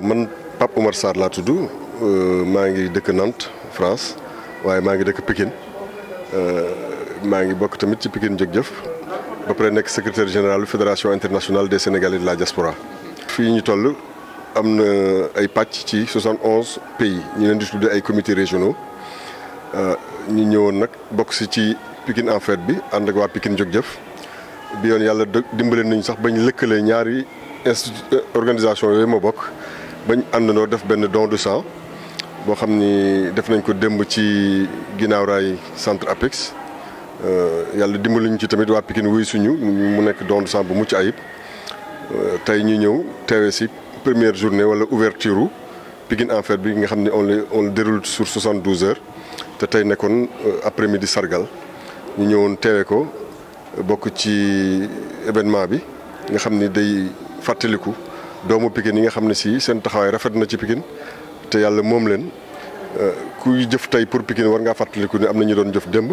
man pap Oumar sar la tudd euh, maa ngi dëkk Nantes France waaye maa ngi dëkk Pikine euh, maa ngi bokk tamit ci Pikine Jëg-Jëf ba pare nekk secrétaire général fédération internationale des Sénégalais de la diaspora fii ñu toll am na ay pàcc ci 71 pays ñu leen di tuddee ay comités régionaux euh, ñu ñëwoon nak bokk si ci Pikine en fête bi ànd ak waa Pikine Jëg-Jëf bi yoon yàlla dimbale nañu sax bañ lëkkalee ñaari organisation yooyu ma bokk bañ àndandoo def benn don de sang boo xam ni def nañ ko démb ci ginnaaw raay centre APEX euh, yàlla dimbali ñu ci tamit waa Pikine wuy suñu mu nekk don de bu mucc ayib euh, tey ñu ñëw teewee si première journée wala ouverture Pikine en fête bi nga xam ni on le on le déroule sur 72 heures te tey nekkoon euh, après midi sargal ñu ñëwoon teewe ko bokk ci événement bi nga xam ni day fàttaliku. doomu Pikine yi nga xam ne si seen taxawaay rafet na ci Pikine te yàlla moom leen euh, kuy jëf tey pour Pikine war ngaa fàttaliku ni am na ñu doon jëf démb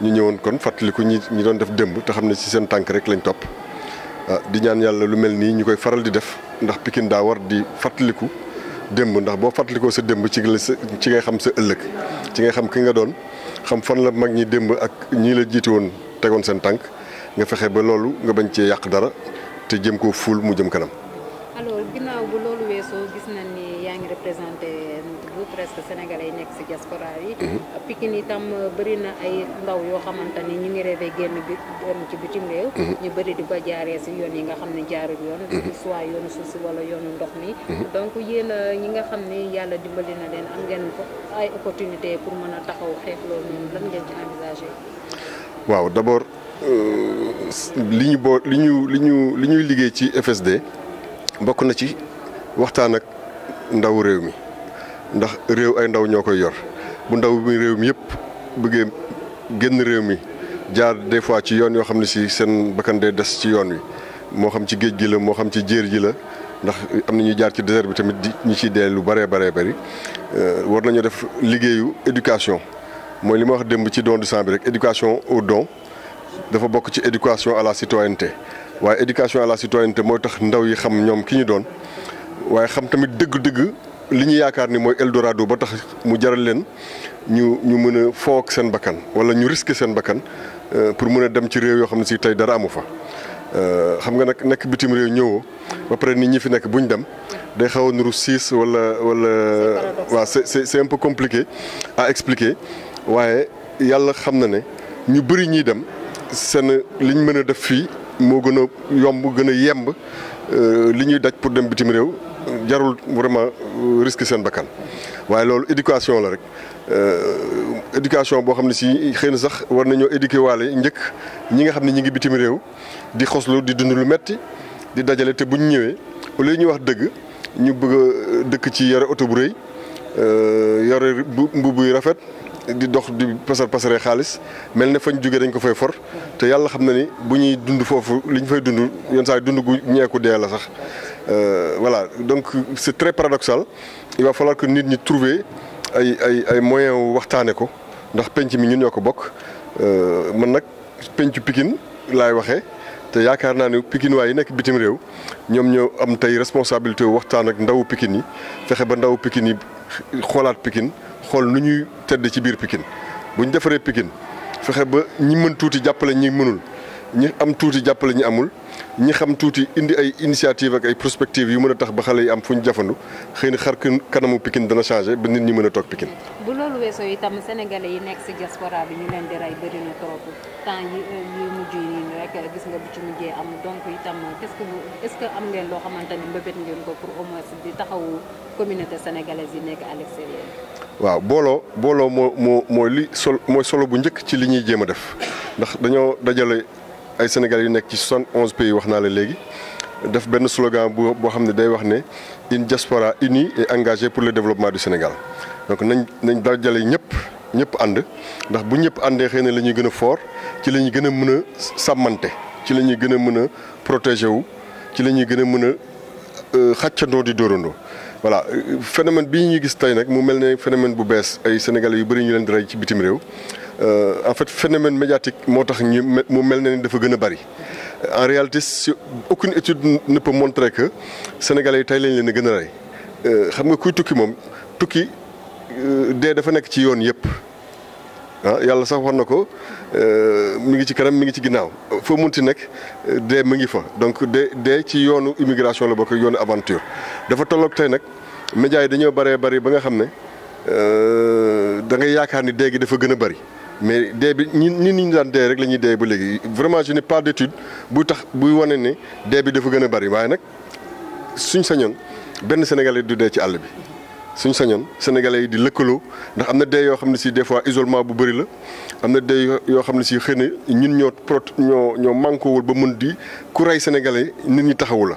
ñu ñëwoon kon fàttaliku ñi ñi doon def démb te xam ne si seen tànk rek lañ topp euh, di ñaan yàlla lu mel nii ñu koy faral di def ndax pikin daa war di fàttaliku démb ndax boo fàttalikoo sa démb ci ci ngay xam sa ëllëg ci ngay xam ki nga doon xam fan la mag ñi démb ak ñii la jiite woon tegoon seen tànk nga fexe ba loolu nga bañ cee yàq dara te jëm koo fuul mu jëm kanam nañ mhm. eh, ni yaa ngi représenté bu presque sénégalais yi nekk si diaspora yi. Pikine itam bëri na ay ndaw yoo xamante ñu ngi rêvé génn bi dem ci bitim réew. Mhm. ñu bëri di ko jaaree si yoon yi nga xam ne yoon. Mhm. soit yoonu suuf wala yoonu ndox mi. donc yéen eh, ñi nga xam ne dimbali na leen am ngeen ay opportunité pour a taxaw xeex loolu noonu lan ngeen ci waaw euh, ci FSD bokk na ci waxtaan ak ndaw réew mi ndax réew ay ndaw ñoo koy yor bu ndaw mi réew mi yëpp bëggee génn réew mi jaar des fois ci yoon yoo xam ne si seen bakkan day des ci yoon wi moo xam ci géej gi la moo xam ci jéer ji la ndax am na ñuy jaar ci désert bi tamit di ñu ciy dee lu bëree bëree bëri euh, war nañu def liggéeyu éducation mooy li ma wax démb ci doon du sang bi rek éducation au don dafa bokk ci éducation à la citoyenneté waaye éducation à la citoyenneté mooy tax ndaw yi xam ñoom ki ñu doon waaye xam tamit dëgg-dëgg li ñu yaakaar ni mooy Eldorado ba tax mu jaral leen ñu ñu mën a foog seen bakkan wala ñu risquer seen bakkan euh, pour mën a dem ci réew yoo xam ne si tey dara amu fa. Euh, xam nga nag nekk bitim réew ñëwoo ba pare nit ñi fi nekk bu ñu dem day xaw a nuru siis wala wala. waa c'est c'est un peu compliqué à expliquer waaye yàlla xam na ne ñu bëri ñuy dem seen liñ mën a def fii moo gën a yomb gën a yemb euh, li ñuy daj pour dem bitim réew. jarul vraiment euh, risque seen bakkan waaye loolu éducation la rek euh, éducation boo xam ne si xëy na sax war nañoo éduquer waale njëkk ñi nga xam ne ñi ngi bitim réew di xoslu di dund lu metti di dajale te bu ñu ñëwee au lieu ñuy wax dëgg ñu bëgg a dëkk ci yore oto bu rëy euh, yore mbubb yu rafet. di dox di passer passeré xaalis melne ne fañ jóge dañ ko fay for té yalla xam ni buñuy dund fofu liñ fay dund yenn saa dund gu ñéku dé la sax euh voilà donc c'est très paradoxal il va falloir que nit ñi trouver ay ay ay moyens waxtané ko ndax penc mi ñun ñoko bok euh man nak pencu Pikine lay waxé te yaakaar naa ni pikin waay yi nekk bitim réew ñoom ñoo am tey responsabilité waxtaan ak ndawu Pikine yi fexe ba ndawu Pikine yi xoolaat pikin xool nu ñuy tedd ci biir pikin bu ñu defaree pikin fexe ba ñi mën tuuti jàppale ñi mënul. ñi am tuuti jàppale ñi amul ñi xam tuuti indi ay initiative ak ay prospective yu mën a tax ba xale yi am fu ñu jafandu xëy na xar kanamu Pikine dana changé ba nit ñi mën a toog Pikine. bu loolu weesoo yi nekk ci yi euh, yu ci am ngeen loo xamante mbëbët ngeen ko pour au moins taxawu communauté sénégalaise yi nekk à waaw booloo booloo moo moo li sol mooy solo bu njëkk ci li ñuy jéem a def ndax dañoo dajale. ay sénégalais yu nek ci 71 pays waxna la légui def ben slogan bu boo xam day wax né une diaspora unie et engagée pour le développement du Sénégal donc nañ nañ dajale ñep ñep and ndax bu ñep andé xëy lañuy gëna fort ci lañuy gëna mëna samanté ci lañuy gëna mëna protéger wu ci lañuy gëna mëna a mën euh, di dóorandoo voilà euh, phénomène bi ñuy gis tay nak mu melni phénomène bu bees ay sénégalais yu bari ñu leen dara ci bitim rew euh, en fait phénomène médiatique moo mu mel ni dafa gën bari en réalité aucune étude ne peut montrer que sénégalais yi tey lañ leen a gën a rey euh, xam nga kuy tukki moom tukki euh, dee dafa nekk ci yoon yépp ah sax wax na ko mi ngi ci kanam mi ngi ci ginnaaw foo munti nek dee mu ngi fa donc dee ci yoonu immigration la bokk yoonu aventure dafa tolok tay nak media yi dañoo bëree bëri ba nga xam euh da ngay yaakaar ni dee gi dafa gëna bari mais dee bi ñun ñun ñu daan dee rek la ñuy dee ba léegi vraiment je n'ai pas d'étude bu tax buy wane ni dee bi dafa gën a bari waaye nag suñ sañoon benn sénégalais du dee ci àll bi. suñ sañoon sénégalais yi di lëkkaloo ndax am na dee yoo xam ne si des fois isolement bu bëri la am na dee yoo xam ne si xëy na ñun ñoo pro ñoo ñoo manqué wul ba mun di ku rey sénégalais nit ñi taxawu la.